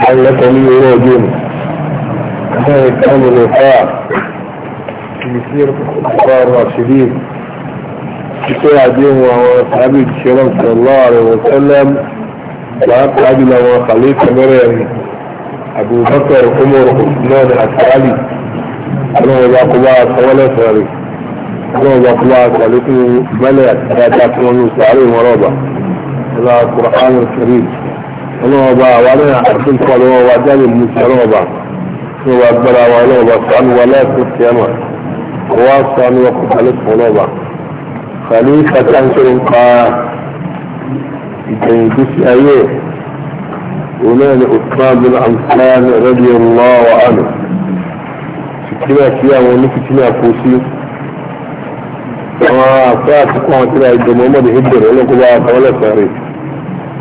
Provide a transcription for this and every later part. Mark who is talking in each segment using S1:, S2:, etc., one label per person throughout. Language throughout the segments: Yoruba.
S1: لعلكم يراجون كما كان الوفاء في سيرة الخلفاء الراشدين في سيرة دين وصحابي الشرم صلى الله عليه وسلم وأبو عبد وخليفة مريم أبو بكر عمر عثمان حتى علي أنا إذا قبعت ولا ساري أنا إذا قبعت عليكم ملأ لا تكونوا ساري ورابع إلى القرآن الكريم ọlọ́wọ́ bá wa náà àti nǹkan ọlọ́wọ́ wa jáde mú sí ọlọ́wọ́ bá ní wa gbára wa ọlọ́wọ́ bá sànù wa láìpẹ́ sí ẹ̀mà kò wá sànù wa kò balẹ̀ fún ọlọ́wọ́ bá. kàlí kàtà ń sọ̀rọ̀ nípa ìgbẹ̀yìn gbèsè ayé òun náà ni Usman bin Affan radiyallahu anhu fìtínà sí àwọn onífìtínà kò sí àwọn àfẹ́ àtúkọ̀ àwọn tí wọ́n ti ra ìjọba ọmọdé hídìrì ọlọ́kọ̀ bá wọn lẹ́sàn-án rèé.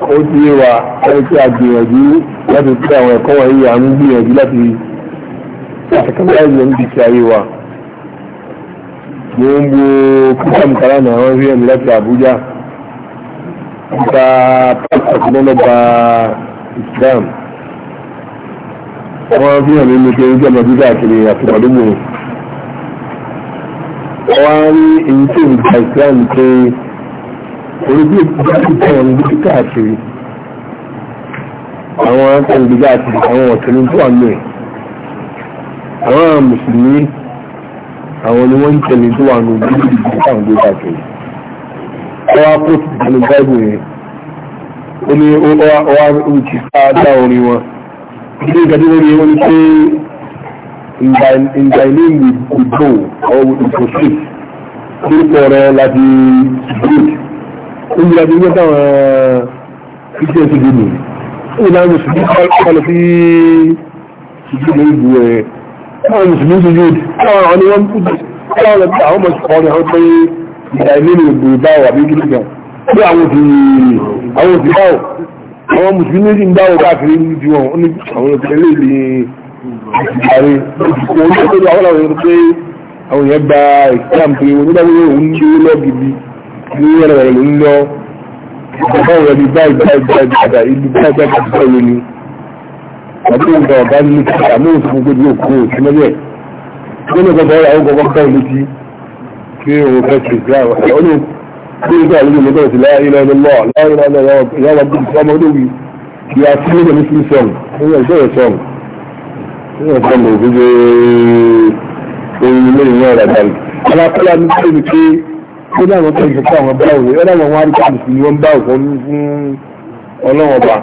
S1: ó ti yé wa ẹni tí a gbìyànjú láti pé àwọn ẹ̀kọ́ wọ̀nyí à ń gbìyànjú láti àtẹ̀kẹ́láìsì ló ń di ti ayé wa. mo ń wo píkàm kan lánàá àwọn fíìmù mi láti Àbújá nípa pàtàkì lọ́nà gba Islam. àwọn fíìmù mi ní pé ń jẹ́ ọmọdé káàkiri àtìmọ́dúnmọ́. wọ́n á rí èyí tó ń gba Islam pé orí bí ìgbàlù tẹ̀wọ̀n ní bí káàkiri àwọn akẹ́gbẹ́ káàkiri àwọn ọ̀tẹ̀lú tó wà lóyè àwọn mùsùlùmí àwọn ni wọ́n ń tẹ̀lé tó wà ní ojú ìdíje táwọn gbé káàkiri ọwá pósìtì nínú báìbù yẹn ó ní ọwá òkè sáádá orin wọn ilé ìgbàdí lórí wọn ni pé in thy name we go or we go sleep orúkọ rẹ láti sleep ìjìnlẹ̀ bí wọ́n táwọn ìjìnlẹ̀ ti dì ní ìwọ̀n náà mùsùlùmí kọlọ̀ sí ìjìnlẹ̀ ìbú ẹ̀ táwọn eh, mùsùlùmí ti yóò táwọn àwọn wọn kú táwọn ọ̀pọ̀ àwọn ọmọ ìṣòkò ọ̀rẹ́ ọ̀pẹ́ ìjà ilé ní ìbò ìbáwọ̀ àbí gírí gan pé àwọn òfin àwọn òfin báwọ̀ àwọn mùsùlùmí méjì ń dáwọ̀ káàkiri ju wọn ní àwọn òfin ilé ìlú ìjàre ìdìkò orí ọ̀pẹ́ àwọn àwọn òfin pé àwọn èèyàn gba ìsìlámù pé onídàgbé òun ń gbé lọ́gìdì ní ẹ̀rọ ló ń lọ bàbá rẹ̀ ní báyìí báyìí báyìí bàbá ìlú báyìí báyìí báyìí ni bàbá òǹkà ọ̀gá ní kíkà mú òfin gbogbo òkú òsì mẹ́lẹ̀ ó ní bàbá ọ̀rọ̀ àwọn kọ̀ọ̀kan báyìí létí pé òun fẹ́ ṣe ìgbà ó ní bí ìgbà àlejò ló bẹ̀rẹ̀ sí láìlẹ́ lọ́wọ́ láìlẹ́ lọ́wọ́ ìyá wa bí ìfọ́mọ́ ló wí kí a sí lóde ní sí sọ̀m ní ẹ̀ṣẹ́ rẹ̀ sọ̀m ní ẹ̀ṣẹ́ mọ̀ òfin gbé ohun ilé ìwọ̀n rẹ̀ dàrú alákọ́lá ní ó dáwọn tó ń sọ pé àwọn báwò rẹ̀ ó dáwọn wọn arípa àbùsùn ni wọ́n báwò fún ọlọ́wọ́n bá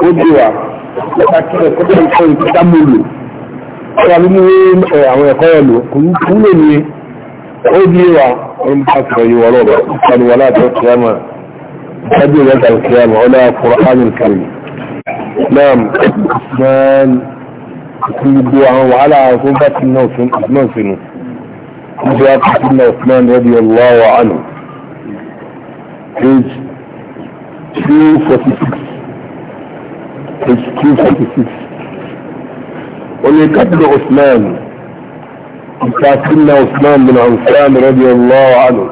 S1: ó dé wa nípa kí ẹ̀kọ́ tó ń sọ ìpín dámúlò ọ̀rọ̀ nínú àwọn ẹ̀kọ́ ẹ̀ lò kò wúlò ní ó dé wa ọ̀rọ̀ nípa sọ̀rọ̀ yìí wọ́n rọ̀ ìpanu wọn láti kíámà ìtọ́jú ìwọ́n tàbí kíámà ọ̀lá Kùránì kàrí náà gbọ́n gbogbo àwọn wàhálà tó bá ti náà sínú مجاب سيدنا عثمان رضي الله عنه page 246 page 246 ولقتل عثمان سيدنا عثمان بن عثمان رضي الله عنه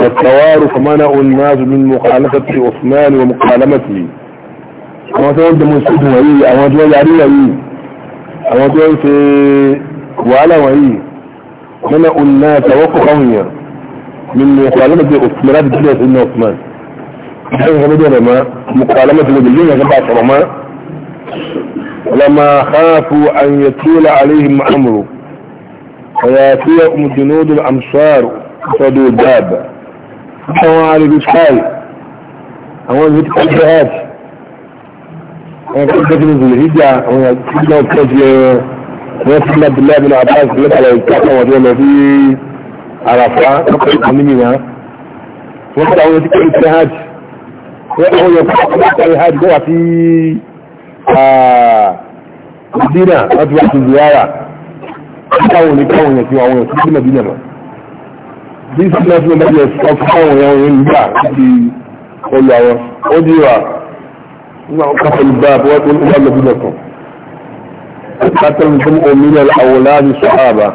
S1: والتوارث منع الناس من مخالفة عثمان ومقالمته àwọn تقول ده مسؤول sókùn wọ̀nyí àwọn تقول ń yarí wọ̀nyí àwọn تقول في وعلى wàhálà منعوا الناس وقفوا من مكالمة استمرار الدنيا سيدنا عثمان الحين غمدوا لما مكالمة المدلين جماعة رماء لما خافوا أن يطول عليهم أمره ويأتيهم جنود الأمصار فصدوا الدابة فهو على بشكاي أولا بيت كالشهات أنا كنت بجنز الهجة أولا كنت بجنز wọ́n ti ní abdullahi bin abbas lẹ́ka rẹ̀ káàkiri wọ́n ti lọ sí àràfà ọkùnrin mímì náà wọ́n ti àwọn ìdíkẹ́ ìṣẹ́ hajj wọ́n ti àwọn yọkọ̀ ìṣẹ́ hajj wọ́n wà sí Medina wọ́n ti wà sí ziyara káwọn ní káwọn yẹn sí àwọn yẹn sí Medina mọ́ bí sí náà fún ọmọdé yẹn sọ fún káwọn yẹn wọ́n nígbà láti olùwàwọ́ ó dí wa nígbà wọn kásán ní bá wọn tó ń bá lọ bí lọ́kàn قتل جمع من الأولاد الصحابة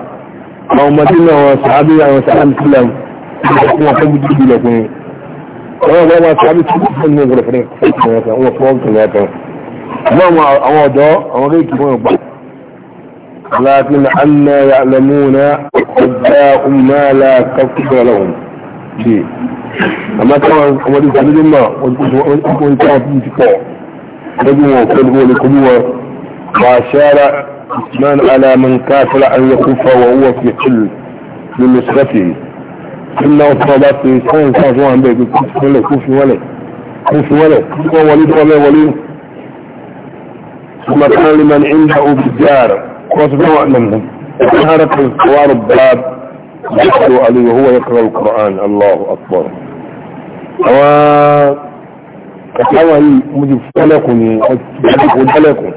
S1: أو مدينة وصحابي أو سلام سلام هو حب جدي لكم أنا او صحابي تبقى من يقول فريق او هو صواب ثلاثة ما ما أو دا أو غير كيف لكن عنا يعلمون أداء ما لا تكفر لهم شيء أما كما أما دي سبيل الله وانتوا في الكوع لجوا وكذبوا لكبوا وأشار عثمان على من كافر أن يكف وهو في حل من نسبته ثم أصابت إنسان كافر عن بيت كف ولا كف ولا كف ولا كف وليد ولا ولا ثم كان لمن عنده بالجار وأصبحوا منهم ظهرت الكوار الباب يقرأ عليه وهو يقرأ القرآن الله أكبر و أخوه مجب فلكني أجب فلقني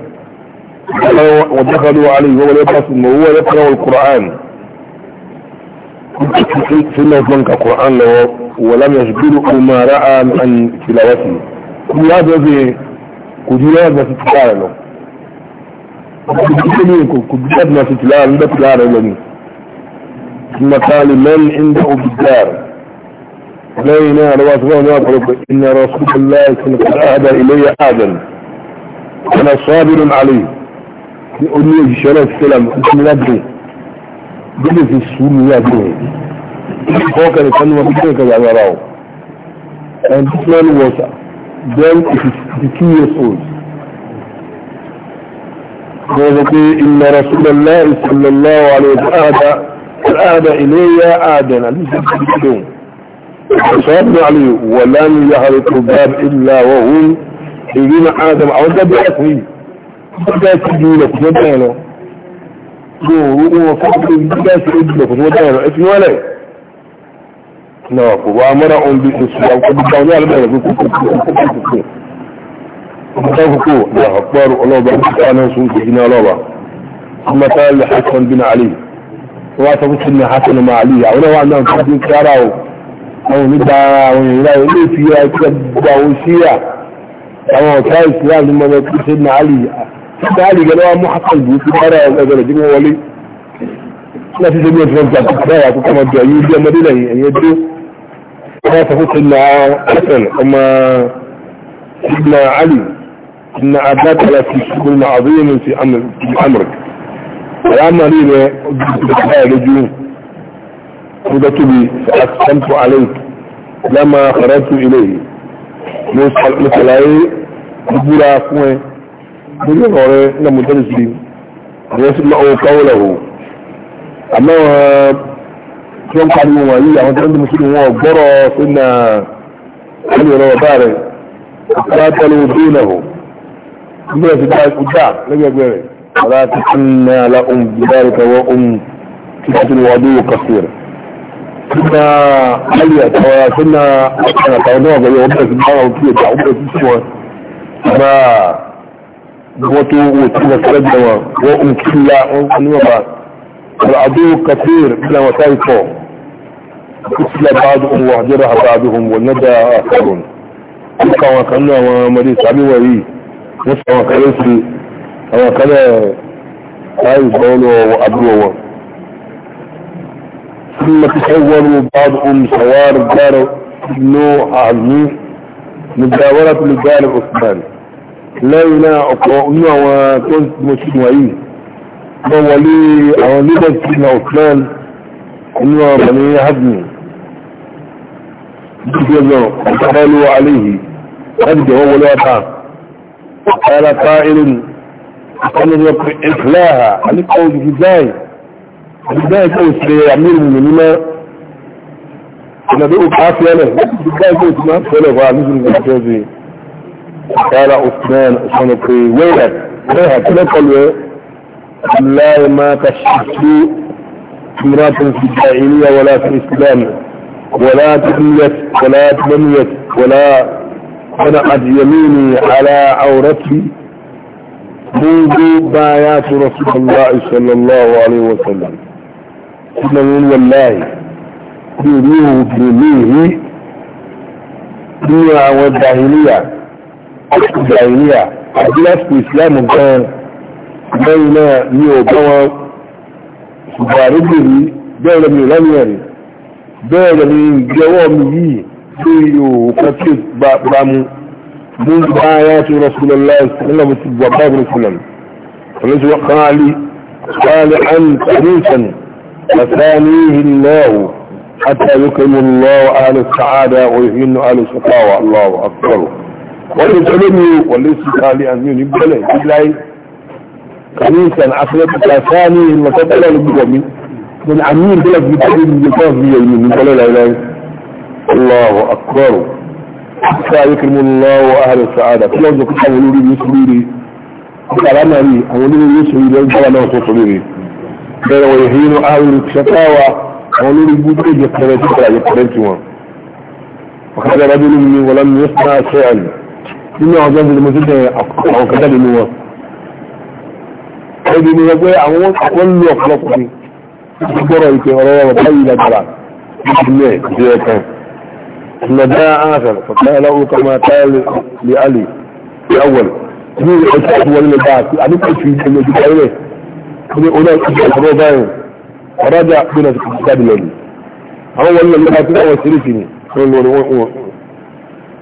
S1: ودخلوا عليه وهو لا يبحث وهو يقرأ القرآن ثم يطلق القرآن له ولم يشبره ما رأى عن تلاوته كل هذا في كجلاد ما تتلاه له كجلاد ما تتلاه له تتلاه له ثم قال من عنده بالدار علينا رواسنا نطلب نعم، إن رسول الله كان قد أهدى إلي آدم أنا صابر عليه ní oní òṣìṣẹ́ náà sílẹ̀ ìsinmilágbé gbọ́dọ̀ fi sùúrù ní àgbọ̀n ìfọwọ́kẹ́ nìkan ní wọn bí kíkẹ́ ìkẹ́gbà rárá o and this man was then two years old wọ́n pé inna Rasulullah sallallahu alaihi wa sallam àdá ilayya àdán àdúgbò ìdíjọ́ فصابنا عليه ولم يهرق الباب إلا وهم يجينا آدم أو ده بيحكي bẹ́ẹ̀ ti di ilẹ̀ kùtù bẹ́ẹ̀ lọ gbòòrò wọn fọ́ọ̀tù bẹ́ẹ̀ ti di ilẹ̀ kùtù bẹ́ẹ̀ lọ ẹ̀fìn wọlé náà kò wá mọ́ra ohun bí oṣù àkọ́dúgba ní alẹ́bẹ̀rẹ̀ kókó kókó na àwọn wa ní mọ́mọ́ kúkú ní sáàlì gẹ̀lẹ́ wa mú hasan bù sí bára ẹgbẹ̀rẹ̀ jí wọ́n wọlé láti ṣe bí ọjọ́ ìjà tó dára tó kọ́mọ jù ayé bí ọmọdé lẹ́yìn ẹ̀yẹ dé wọ́n sọ fún sinna hasan ọmọ sinna ali sinna adákàlá sí ṣùgbọ́n na àbúyé mi sí amurk alámàrí rẹ̀ ọjọ́ lójú ọjọ́ tóbi sàkàtàntò alẹ́ lámà kàràtù ilé mo sàlàyé gbúra fún ẹ mo ní ọ̀rọ̀ rẹ nígbà mo tẹ́lẹ̀ sí àwọn sì máa ń káwọ́ lọ́wọ́ àmọ́ tí wọ́n ń pariwo wọn yìí àwọn tẹ́lẹ̀ mùsùlùmí wọn gbọ́rọ̀ sínú àlè ọ̀rọ̀ ọ̀dá rẹ̀ àkàrà tẹ́lẹ̀ ojú lọ́wọ́ nígbà tí dáa ikú dáa lẹ́gbẹ̀gbẹ̀ rẹ̀ ọ̀rá ti tún ní àlà قوته وسلسلة وأم كلا ونوبة والعدو كثير من وسائطهم قتل بعضهم وهجرها بعضهم والندى آخرون كما وكان ومريس علي وهي نسا وكاليسي وكان هاي بولو وأبلوه ثم تحولوا بعضهم سوار دار نوع عزمي مجاورة لدار عثمان lẹ́yìn náà ọ̀pọ̀ nínú àwọn tó ń mo ti wọ̀nyí wọ́n wọlé àwọn liberty na osman nínú àwọn bani hadmi dúpẹ́ náà ọ̀pọ̀lọ́ aléyìí láti jẹ́ wọ́n wọlé ọ̀tá ọ̀pọ̀lọ́ ta irin ọ̀pọ̀lọ́ pé ìfìláhà alíkọ̀ قال عثمان عثمان بن ويلك ويلك تلقى والله ما تشتكي امرأة في الجاهلية ولا في الإسلام ولا تبنيت ولا تبنيت ولا قد يميني على عورتي منذ بايات رسول الله صلى الله عليه وسلم قلنا من والله يريه بنيه دنيا والجاهلية ìgbàlẹ́yà àti lásìkò ìsìláàmù gan lẹ́yìn náà ní ọ̀gá wọn ṣùgbọ́n àrégbèrè bẹ́ẹ̀ lẹ́mi ìlànìyàn rẹ̀ bẹ́ẹ̀ lẹ́mi ìgbẹ́wọ́ mi yìí pé òòkà tí ó bá mú mú bá yá tó rọ́sùlọ́ láìsí nílọ́bù ti gbà bá rọ́sùlọ́ فليس وقالي صالحا حريصا وثانيه الله حتى يكرم الله أهل السعادة ويهن أهل الشقاوة الله أكبر wọ́n lè tọ́lé mi wọ̀lé sí kàálí àmì òní bọ́lẹ̀ ìgbìláyé kàní ìsàn afẹ́lẹ́pìtà sáàní ìlọ́sọ́tẹ́lẹ̀ olùgbọ̀ mi mo ní àmì ìbílẹ̀ fi tọ́lé mi lè tọ́lé mi èyí ní bọ́lẹ̀ láìláì Allahu akbar sáàyé kìrìmù lọ́wọ́ ahàrẹ sàádà tí wọ́n zọkúta àwọn olórí ní sùúrù kàrá náà rí àwọn olórí ní sùúrù lọ́wọ́ gbára náà tó sùúrù rí bẹ́ẹ̀ wọ̀ èyí ní ahàrẹ sàkáwà àwọn olórí gbúdé jẹ pẹrẹ يصنع شيئا nínú ọjọ́ ìlú mo tún bẹ àwọn kan jáde nínú wọn ẹbí ni wọ́n pé àwọn wọ́n lu ọ̀pọ̀lọpọ̀ ni wọ́n gbọ́rọ̀ ìpè ọ̀rọ̀ ọ̀rọ̀ báyìí lágbára nínú ẹ̀ bí ẹ kan ìmọ̀dá ààfẹ́ fọ̀tá ẹlọ́wọ́ kan máa tá lè alè ìyáwọ̀l ní ọjọ́ ìlú wọlé bá àti àdúgbò fi ìlú ojú kárẹ̀ ní ọjọ́ ìlú ọ̀rọ̀ báyìí ọ̀rọ̀ ajá gbọ́dọ̀ ti kọ́ jáde lọ́nu àwọn wọlé lọ́nu bá ti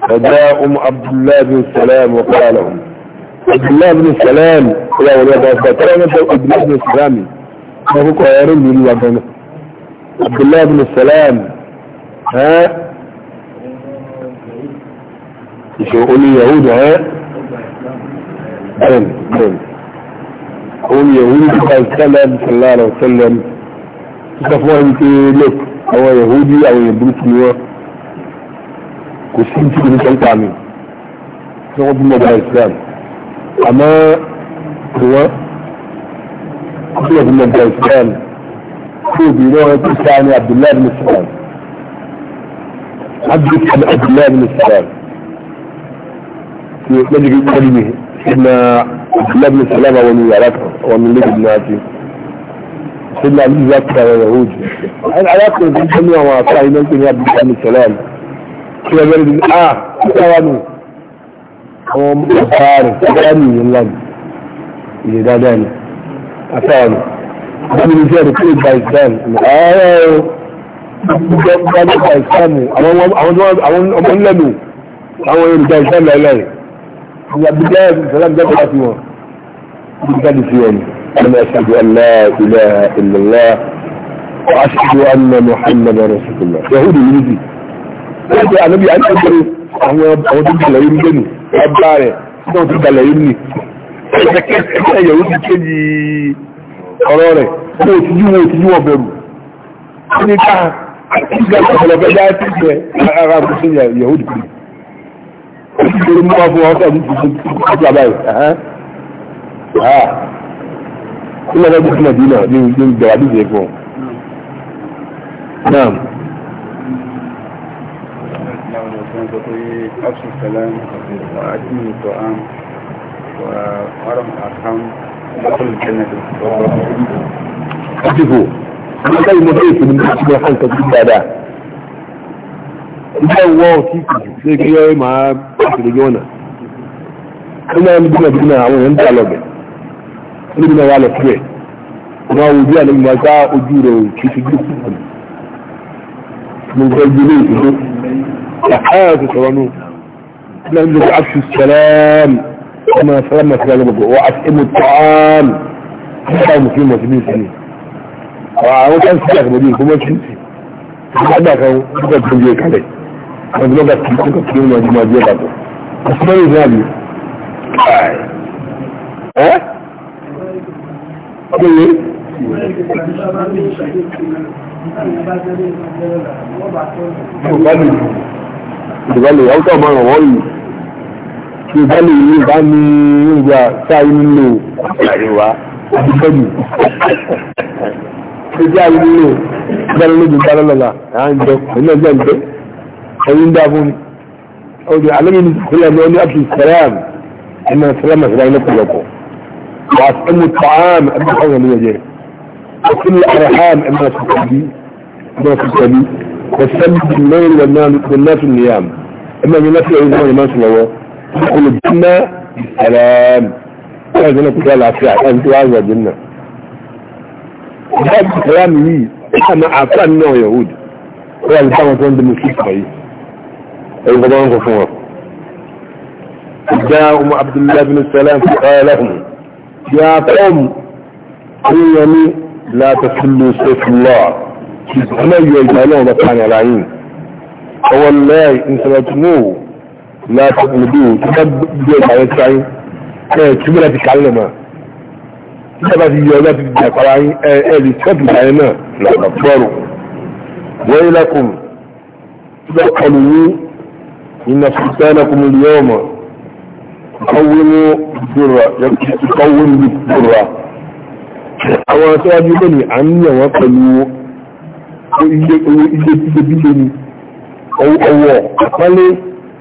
S1: فجاءهم عبد الله بن سلام وقال لهم عبد الله بن سلام يا ولد عبد الله بن سلام عبد الله بن سلام ها يقول لي يهود ها بن بن قول يهود قال سلام صلى الله عليه وسلم تفهم انت لك هو يهودي او يبريطاني kò sí ní tíbi nípa ìta mi tí wọ́n bímọ bá Islam àmọ́ ìwọ́n kò sí ọ̀bí mọ̀gbà Islam tí òbí náà ti sá ní Abdullahi bin Islam Abdullahi bin Islam tí ó lọ́jọ́ kí kọ́lí mi ìnà Abdullahi bin Islam àwọn ni yàrá kan àwọn ilé ìdìbò náà ti sílẹ̀ àlùfáà kan àwọn Yahudi alákùnrin tó ń tẹ́lẹ̀ àwọn àfáà iná ń pè ní Abdullahi bin Islam kí ẹ bẹ̀rẹ̀ bíi ah kíkà wà nù àwọn ọ̀pá rẹ̀ kíkà ní ìyẹn lánà ìyẹn dáadáa ni àtàwà nù báwo ni jẹ́ ìrìkú ìgbà ìsìlámù ààrẹ o ìjọ bá ní ìgbà ìsìlámù àwọn ọmọ ńlẹ́nu àwọn olùgbà ìsìlámù láìláì ìgbà bí jẹ́ ìsìlámù jẹ́ bá ti wọn ìgbà ti fi wọn ni. أنا أشهد أن لا إله إلا الله وأشهد أن محمدا رسول الله يهودي يجي láti ànábì àìsàgbére àwọn àwọn tó gbàlẹ̀ yìí lónìí ọba rẹ̀ náà tó gbàlẹ̀ yìí nì ẹ̀yẹ̀wò ti kéjì ọ̀rọ̀ rẹ̀ kó o ti yí wo o ti yí wọ bẹ̀rù ó ní ká ìgbà ọ̀pọ̀lọpọ̀ bá ti jẹ ara rẹ̀ sí ìyàwó dìbò ó ti gbèrè mú wá fún wa fún ọjọ́ àbáyé ilé ẹgbẹ́ tó ti mọ̀ bí náà ní ìgbàlódé fún ọ. الله عليه وسلم تقول أفشي السلام وأتمم الطعام وأرم الأرحام ودخل الجنة أتفوا أنا دايما مضيف من أحد الحلقة بالبادة إذا الله تيكي لكي يوي مع أحد الجونة أنا مدينة بنا عوان أنت على بي أنا بنا على سبيل ما وجاء لما جاء أجيره كيف يجيب من غير جميل حافظ ونوح لأنه يملك السلام وما سلامنا في ذلك وأسئم الطعام حتى مسلم وسبين سنين وعاوز أن سيئك مدين كما سنسي فبعدك هو قد تنجيك عليه مجمدك تنجيك تنجيك مجمدك تنجيك أسمعي ذلك ها؟ قل لي مقابل ìgbàlè haúsá máa ràn wọ́n yìí tí ìgbàlè yìí bá ní ìgbà táyé nílò àríwá àdìkọ́jù tí táyé nílò ìgbàlè lójú ìgbàlè lọ́la à ń jẹ ẹ̀yìn ọjọ́ ìgbẹ́ ẹ̀yìn ń dá fún mi. ọdún alẹ́mi ní ìpínlẹ̀ ní ọdún àti ìsẹ̀rẹ́m ẹ̀mọ ìsẹ̀rẹ́m àti ìsẹ̀rẹ́m lọ́pọ̀lọpọ̀ wà á sẹ́mu tààm ẹ̀mọ ìsẹ̀rẹ́m lọ́pọ̀lọpọ̀ والسلم بالليل والناس النيام اما من نفس العزمان ما شاء الله تدخل الجنة بالسلام هذا انا كنت على الساعة انت عايز الجنة هذا الكلام لي انا اعطى النوع يهودي هو اللي كان عند الموسيقى ايه الغضان غفور جاءهم عبد الله بن السلام فقال لهم يا قوم انني لا تسلوا سيف الله ọ̀nà yọ ìgbà náà lọ pa nìyàrá yìí ọwọ́ lẹ́ẹ̀ ìsọ̀rọ̀tìmọ̀ láti ìlú tó bá gbé ìgbà rẹ̀ sáyé ẹ̀ tí mo láti kálẹ̀ mọ́ tí a bá ti yọ ọjọ́ ti di àpárá yín ẹ ẹ lè tọ́jú ìgbà náà lọ́nà fọ́ọ̀rù wọ́n yín lẹ́kùn tí wọ́n kọlu yín ìnà fìtánakùn lè yọ̀ ìkọ́wémú ìdúrà ìkọ́wémú ìdúrà àwọn tó lónìí à ń yàn wọ́n pẹ̀lú ilé owó ilé títí bílé ni ọwọ́ àpálẹ́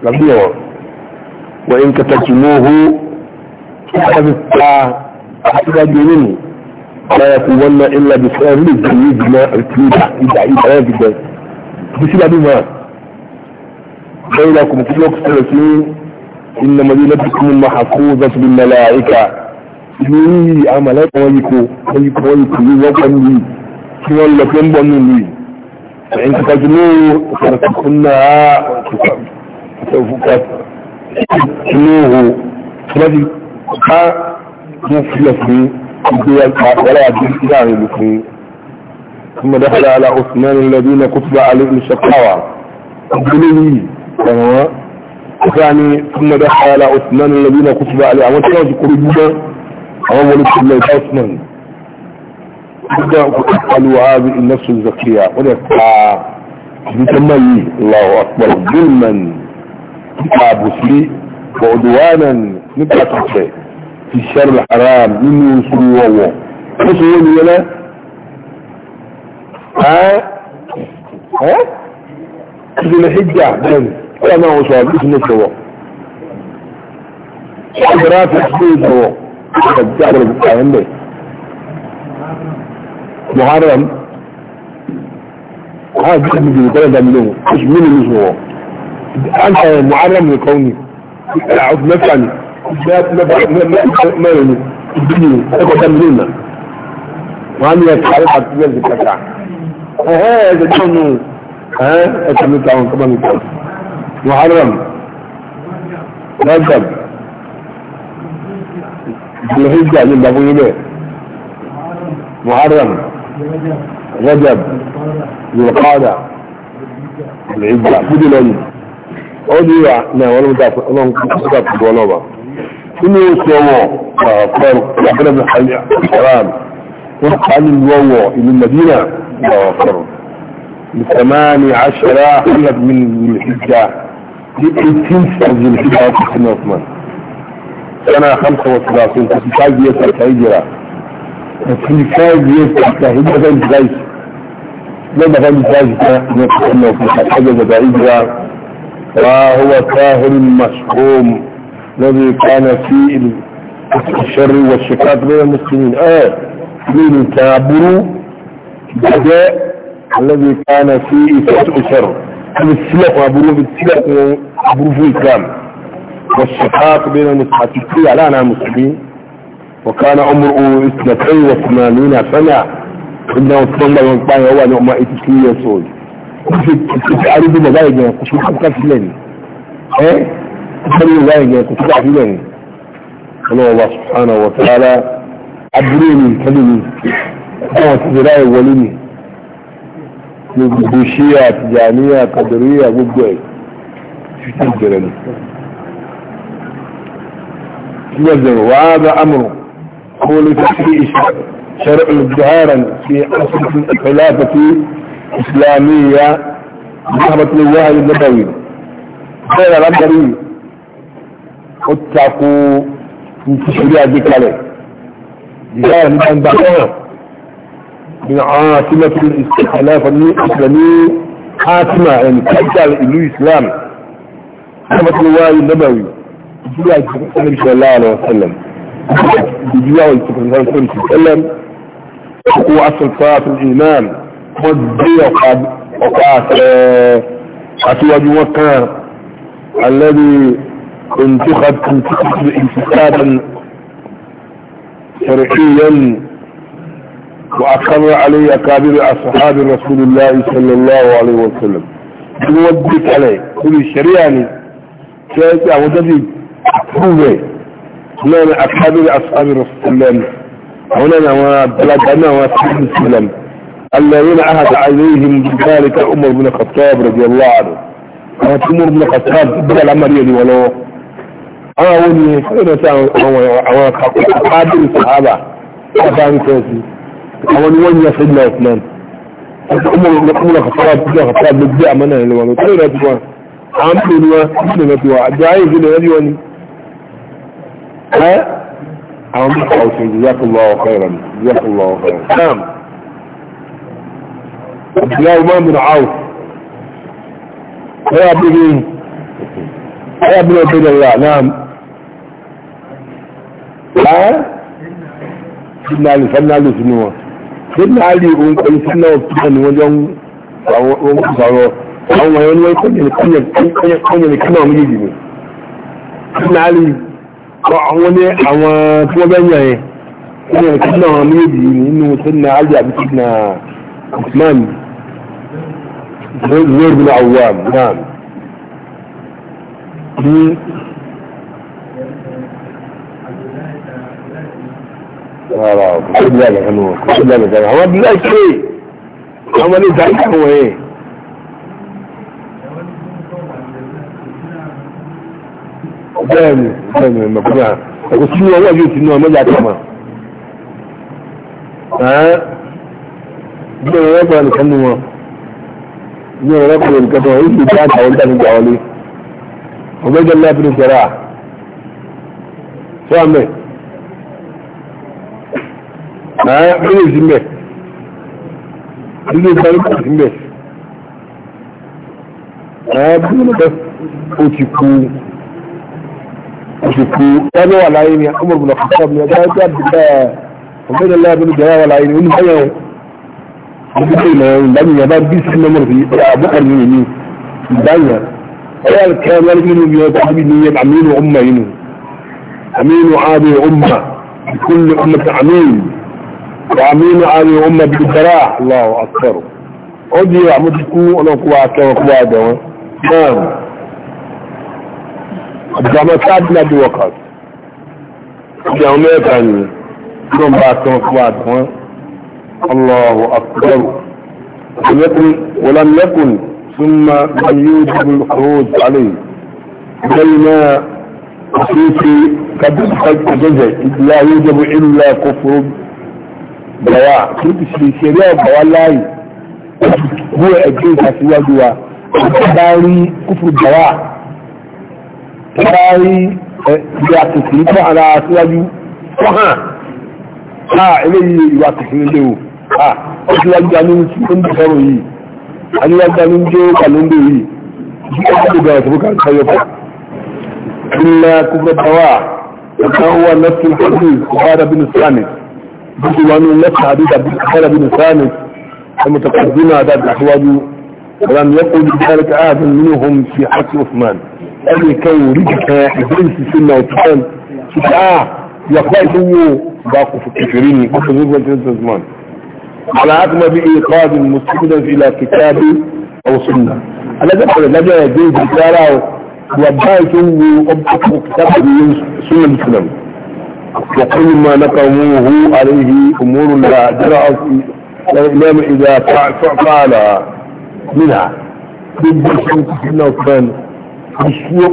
S1: làbí ọ̀rọ̀ wọ́n ń kẹta jù mọ́ owó láti pa àtúrájú nínú láyà fún wọn náà ńlá bí fún ẹ̀rí ìgbà yìí jùlọ àti ìgbà ìgbà ìgbà yẹn gbígbẹ bí sí lábí mọ́ lẹ́yìn náà kò mú kí lọ́kù sọ̀rọ̀ sí ìnàmọ́lé lẹ́bí kún mọ́ àkó zọ́tù bí mẹ́lá àyíká ìlú yìí àmàlẹ́kọ̀ọ́ yìí kò wọ́n yìí kò wọ́n yìí kò yìí wọ́n pọ̀ nìyí kí wọ́n lọ pé ń bọ̀ nìyí فإن تجنوه فتكلها سوف تجنوه الذي ها مفلسي ولا يجب إلهي بكم ثم دخل على عثمان الذين كتب عليهم الشقاوة الدنيا فهو ثم دخل على عثمان الذين كتب عليهم وكما ذكروا جدا
S2: أول كتب عثمان
S1: قالوا هذه النفس الزكية ولك بتمي الله أكبر ظلما كابوسي وعدوانا نبقى تحصي في الشر الحرام منه سوى وسوى لنا ها ها ذو الحجة بين ولا ما هو سوى بإذن سوى
S2: قدرات حسين
S1: سوى قد تعرف الكلام محرم هذا من الكلام ده منه مش من مش هو انت معرم لكوني اعود نفسي لا ما ما ما ما الدنيا اقعد تمرينا وعندي تعرف على التجارة بتاعتها ها هذا جنون ها اتعمل تعاون طبعا محرم رجب الهجة اللي بقول محرم رجب يقال العزة بدل أولياء نعم ولم تكتب دولوبة إنه يسوه آه، فقر يحرم الحل الحرام وقال الوو إلى المدينة آه، فقر لثمان عشر خلق من الحجة لإتنسة من الحجة سنة خمسة وثلاثين تسيطاق بيسر تأجرة 25 years after he wasn't right لما كان ذلك نفسه في حاجة بعيدة وهو كاهن مشحوم الذي كان في الشر والشكاة بين المسلمين اه من الكابر بداء الذي كان في فتح شر السلاح وابروه بالسلف وابروه في الكلام والشقاق بين المسلمين على انا مسلمين وكان عمره اثنتين وثمانين سنة إنه صلى من طاية هو نعمة إتسلية سود كنت أريد مزايجة كنت محبكة في يعني. لين إيه؟ كنت أريد مزايجة يعني، كنت أريد في لين الله سبحانه وتعالى عبريني كلمي أنا تزرعي وليني gbogbo ṣíyà tìjàníyà kàdìríyà gbogbo ẹ̀ títí ìjẹrẹ ni. Tí هو لتحقيق شرع جهارا في أسرة الخلافة الإسلامية ذهبت لله النبوي قال الأمري اتقوا من تشريع ذلك عليه جهارا من بعدها من عاصمة الخلافة الإسلامية عاصمة يعني كتال إلو إسلام ذهبت لله النبوي تشريع النبي صلى الله عليه وسلم بجياء الكتاب صلى الله عليه وسلم هو أصل صلاة الإيمان مجدية وقد وقعت أسواج وكان الذي انتخب انتخب انتخابا شرعيا وأقر علي أكابر أصحاب رسول الله صلى الله عليه وسلم يوبك عليه كل شرياني شايفة أعوذ به هنا أصحاب أصحاب رسول الله هنا وبلغنا وأصحاب السلام الذين عهد عليهم بذلك عمر بن الخطاب رضي الله عنه أنا عمر بن الخطاب بدأ الأمر يدي ولو أنا أولي أنا سأنا أقابل الصحابة أفهم كيسي أولي وين يسيدنا عثمان عمر بن الخطاب بدأ الخطاب بدأ منه لولو ترى لا تقوى عامل لا تقوى دعاية لا تقوى ها او او جزاك الله خيرا جزاك الله خيرا نعم
S2: عبد الله امام
S1: بن عوف يا ابن يا ابن عبد الله نعم ها سيدنا علي سيدنا علي سنوه سيدنا علي وقال سيدنا وفتن وجن وقصروا àwọn ọmọ ẹni wọ́n kọ́nyẹ̀ kọ́nyẹ̀ kọ́nyẹ̀ kọ́nyẹ̀ kọ́nyẹ̀ kọ́nyẹ̀ kọ́nyẹ̀ kọ́nyẹ̀ kọ́nyẹ̀ kọ́nyẹ̀ àwọn ní àwọn tí wọ́n bẹ́ yàn yẹn wọ́n yàn kí náà méjì nínú sẹ́nà alì àbí sẹ́nà usman zuwar bin awwam náà ní rárá kò sí bí àgbàkan náà kò sí bí àgbàkan náà àwọn abdullahi kéré àwọn ilé ìdájọ́ àwọn yẹn bẹ́ẹ̀ ni bẹ́ẹ̀ ni mọ̀kúnmá kò sí ọwọ́ yóò ti ná ọmọ yàtọ̀ mọ̀ bí ọ̀rọ̀ rẹ̀ gbọ́dọ̀ nìkan nù wọn bí ọ̀rọ̀ rẹ̀ gbọ́dọ̀ nìkan nù wọn yóò ti bá àwọn ìdáni gbà wọlé ọgbẹ́jọ́ lábìrin sẹ́ra sọ́ọ̀mẹ́ ẹ̀ ẹ́ ẹ́ sí mẹ́ nínú ìparí kò sí mẹ́ ẹ̀ ẹ́ أشكو أنا ولا عيني عمر بن الخطاب يا جاد عبد الله وبين الله بن جواه ولا عيني ومن هيا وبين لم يبان بيس إن مر في أبو بكر من يمين الدنيا قال كامل من يبعد من أمين وأمين أمين وعادي أمة بكل أمة أمين وأمين وعادي أمة بالبراح الله أكبر أدي يا عمد الكو أنا كواكا وكواكا نعم àbùdàmọ́ sáàdì láti wọ̀kà ọdí àwọn mẹ́ta ni ló ń bá tán fún àdán Allahu akbar ولم يكن ثم من يوجب الخروج عليه بين خصوص قد لا يوجب إلا كفر bàwà tó ti ṣe ìṣẹ́lẹ̀ ọ̀bàwà láì bó ẹgbẹ́ ìṣàṣíwájú wa bá rí kúfù bàwà tọ́lárí ìwé àtìsí tó ara síwájú fọ́hàn ha eléyìí ìwé àtìsí nílé o ha ó síwájú dání ń bẹ̀ sọ́rọ̀ yìí aníwájú dání ń dé kàlóńdò yìí bí ó kọ́ gbogbo àtìsí kan sọ́yọ́ fún ilẹ̀ kúkọ́ tọ́wà ọ̀kan wà nẹ́sìn hadith ọ̀bára bin sani bíkú wà ní nẹ́sìn hadith ọ̀bára bin sani
S2: ọmọ tọkọ̀dúnà àti
S1: àtìsíwájú ولم يقل بذلك أحد منهم في حق عثمان ẹnìkan ò rí kẹ̀kẹ́ ìbéèrè sísè náà tó kàn títí à yàtọ̀ ìtò wo bá kò fò kẹfìrí ni kò fò ní twenty twenty one. على عدم بإيقاظ مستندا إلى كتاب أو سنة. الذي قال لنا يجوز بكارا وبايت أبقى كتاب سنة مسلم وكل ما نقموه عليه أمور لا جرأت الإمام إذا فعل منها ضد الشمس كنا وكان ẹ̀jẹ̀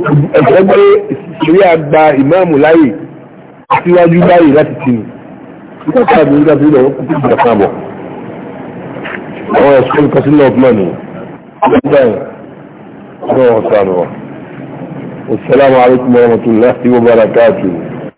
S1: pé ìṣeré àgbà ìmáàmù láyè síwájú láyè láti tìǹ nígbà tí àgbẹ̀ nígbà tí ìlọ́wọ́ kúkú ìgbà kan bọ̀ àwọn ẹ̀sùn olùkọ́ sí lọ́ọ̀bù náà nìyí nígbà yẹn